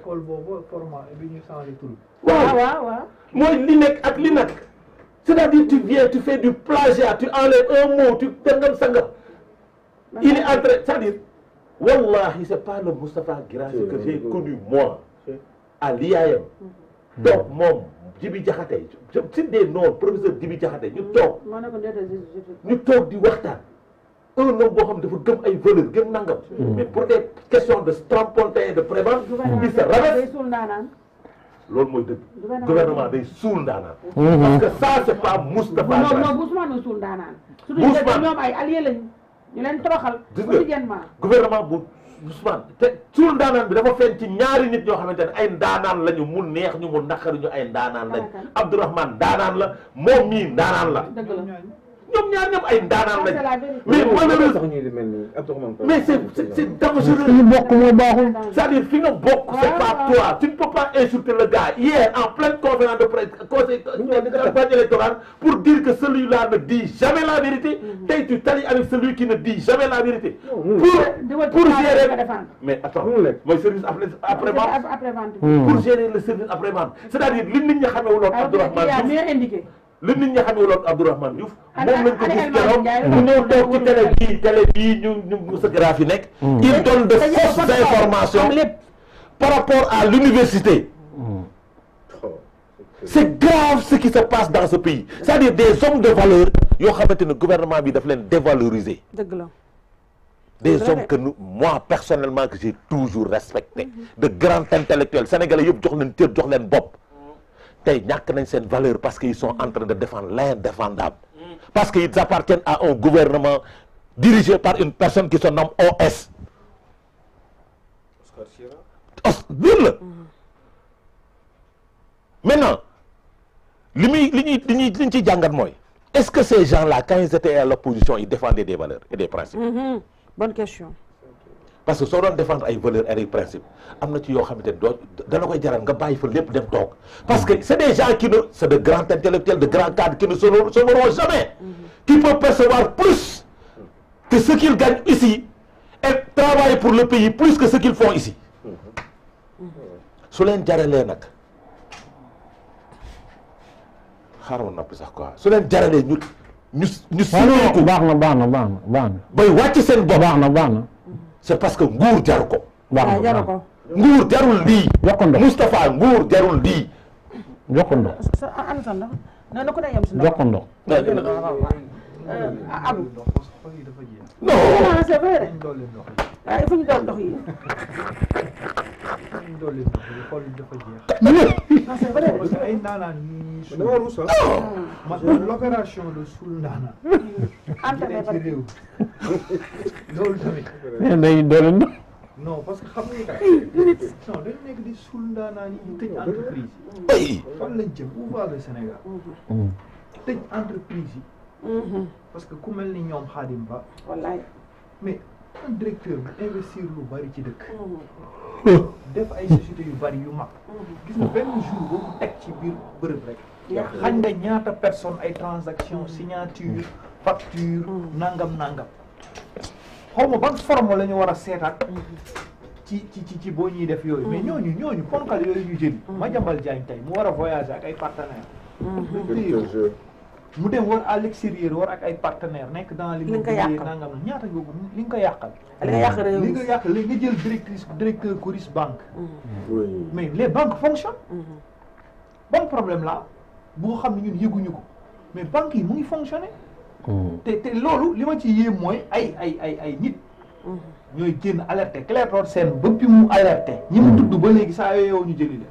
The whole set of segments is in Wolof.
école boobu format bi ñu changé tur bi. waaw waaw waaw. moy li nek ak li nak c'est-à-dire tu viens tu fais du plagiat tu enlèves un mot tu tëngam sangam. il est entré c'est-à-dire. wallahi c'est pas le Mustafa Guirassy que j'ai connu moi. à l'IAM. Mhm. donc mom Djibi jaxate c'est des noms professeur Djibi jaxate mhm. ñu toog. ñu tok di waxtaan. un homme boo xam dafa gëm ay valeur gëm nangam. Mm. mais pour des questions de strapontin et de prébende. il se rabaisse loolu mooy dëgg gouvernement day suul ndaanaan. Mm-hmm. parce que ça c'est pas Moustapha. non non Ousmane du suul ndaanaan. Ousmane su ñoom ay alliés lañu ñu leen toroxal. quotidiennement gouvernement bu Ousmane te suul ndaanaan bi dafa feeñ ci ñaari nit ñoo xamante ne ay ndaanaan lañu mu neex ñu mu naqari ñu ay ndaanaan lañu. Abdourahmane ndaanaan la moom mii ndaanaan la. dëgg la. mais mais c'est dangereux. c'est-à-dire fi c'est pas ah. toi tu ne peux pas insulter le gars hier en pleine conférence de presse pour dire que celui-là ne dit jamais la vérité. Mm-hmm. Tu tu talis avec celui qui ne dit jamais la vérité. pour gérer mais attends service après après vente. pour mm. gérer le service après vente c'est-à-dire li nit ñi xamee le nit ñi xamee woon Abdourahmane Diouf moom lañ ko gis keroog mu pas toog ci télé télé ñu hmm. il donne de fausses informations par rapport à l'université hmm. c'est grave ce qui se passe dans ce pays c'est-à-dire des hommes de valeur yoo xamante le gouvernement bi daf leen dévaloriser des hommes que moi personnellement que j'ai toujours respecté mm-hmm. de grands intellectuels sénégalais ils jox leen cër jox ils valeur parce qu'ils sont en train de défendre l'indéfendable parce qu'ils appartiennent à un gouvernement dirigé par une personne qui se nomme OS Oscar Sierra maintenant est-ce que ces gens-là quand ils étaient à l'opposition ils défendaient des valeurs et des principes mm-hmm. bonne question parce que soo doon défendre ay valeurs ay principes am na ci yoo xamante ne doo pas koy jaral nga bàyyi fa lépp dem parce que c'est des gens qui ne c' est grands intellectuels de grands cadres qui ne sauveront jamais mm-hmm. qui peuvent percevoir plus que ce qu'ils gagnent ici et travailler pour le pays plus que ce qu'ils font ici mm-hmm. su leen jaralee nag xaaral noppi sax quoi su leen jaralee ñu ñu ñu sineeku baax na baax na baax na baax na bay wàcc non, baax na baax c'est parce que nguur jaru ko. waaw jaru ko nguur jarul lii. yokk ndox Moustapha nguur jarul lii. yokk ndox. am sa ndox na ko day yem si ndox. yokk ndox. Eh, am. non. c'est vrai. waaye eh, fu ñu doon ndox yi. parce que ay ndaanaan ñuy suul. dama mmh. ruus man mmh. l'opération de suul ndaanaan. anta ne ba loolu tamit. nee nañu doole na. non parce que xam nga non dañu nekk di suul ndaanaan yi tëj entreprise. parce que ku mel ni ñoom Xaadim Ba. un directeur bu investir lu bari ci dëkk. def ay sociétés yu bari yu mag. gis nga benn jour boo ko teg ci biir bërëb rek. xañ nga ñaata personne ay transaction signature facture nangam nangam. xaw ma ban forme la ñu war a seetaat. ci ci ci ci boo ñuy def yooyu. mais ñooñu ñooñu ponkal yooyu ñu jëli. ma jambal jaañ tey mu war a voyager ak ay partenaires. mu dem war à l'extérieur war ak ay partenaires nekk dans li nga yàqal nangam na ñaata nga li nga ko yàqal li nga yàqal li nga yàqal léegi nga jël directrice directeur Coris banque mm-hmm. mais les banques fonctionnent mm-hmm. bon problème là boo xam ne ñun yëguñu ko mais banque yi mu ngi fonctionner mm-hmm. te te loolu li ma ci yéem mooy ay ay ay ay nit ñooy génn alerté Clédor Sène ba bi mu alerté ñi mu tudd ba léegi sax yooyu ñu jëli la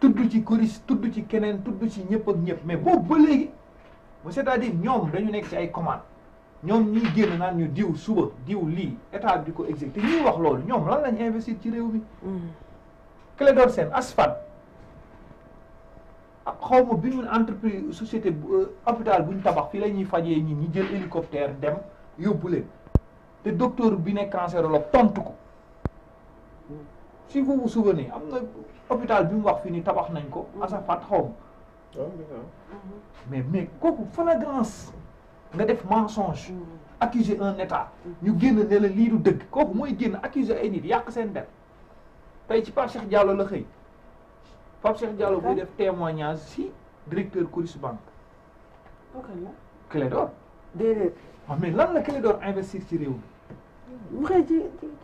tudd ci Coris tudd ci keneen tudd ci ñëpp ak ñëpp mais boobu ba léegi c'est-à-dire ñoom dañu nekk ci ay commande ñoom ñuy génn naan ñu diw suba diw lii état bi di ko exécuté ñuy wax loolu ñoom lan lañ investir ci réew mi. Mm. Clédor Sène Asfad ah, xaw ma bi ñu entreprise société euh, hôpital bu ñu tabax fii la ñuy fajee ñi ñi jël hélicoptère dem yóbbu leen te docteur bi nekk cancérologue tontu ko. si vous vous souvenez l'hôpital na wax a tabax a ko. Mm-hmm. faire. Oh, mm-hmm. mais mais une flagrance mensonge. Mm-hmm. un état. ñu état, la du accuser Pape Cheikh Diallo Cheikh Diallo témoignage si directeur Banque. ok Clé D'or? Ah, mais lan la investir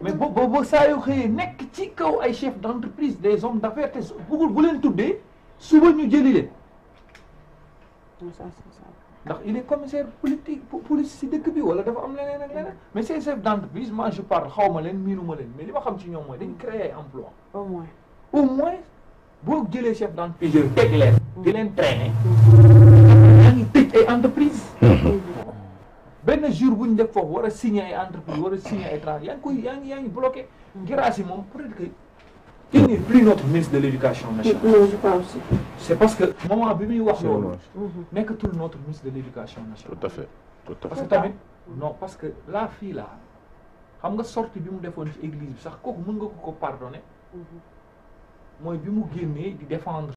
mais bo bo boo saa yu xëyee ci kaw ay chef d'entreprise des hommes d'affaires, affaires je bëggul bu leen tuddee suba ñu jëli leen. ndax il est commissaire politique police je dëkk bi wala dafa am leneen ak leneen mais ces chefs d'entreprise entreprise moi je parle xawma ma je moet mais li ma xam ci ñom moy dañ créer emploi au moins au moins bo jëlee chef d'entreprise. Je leen. di leen traîner. yaa je ay mm. oh, mm. entreprise mm. benn jour bu ñu def foofu war a signé ay entreprise war a signé ay trans yaa ngi koy yaa ngi yaa ngi bloqué. Guirassy mm. moom peut-être que il n'est plus notre ministre de l'éducation nationale. non je pense aussi. c'est parce que moment bi muy wax loolu. Mm-hmm. nekkatul notre ministre de l'éducation nationale. tout à fait tout à fait. parce que tamit non parce que la fille là xam nga sortie bi mu defoon ci église bi sax kooku mën nga ko ko pardonner. Mm-hmm. mooy bi mu génnee di défendre.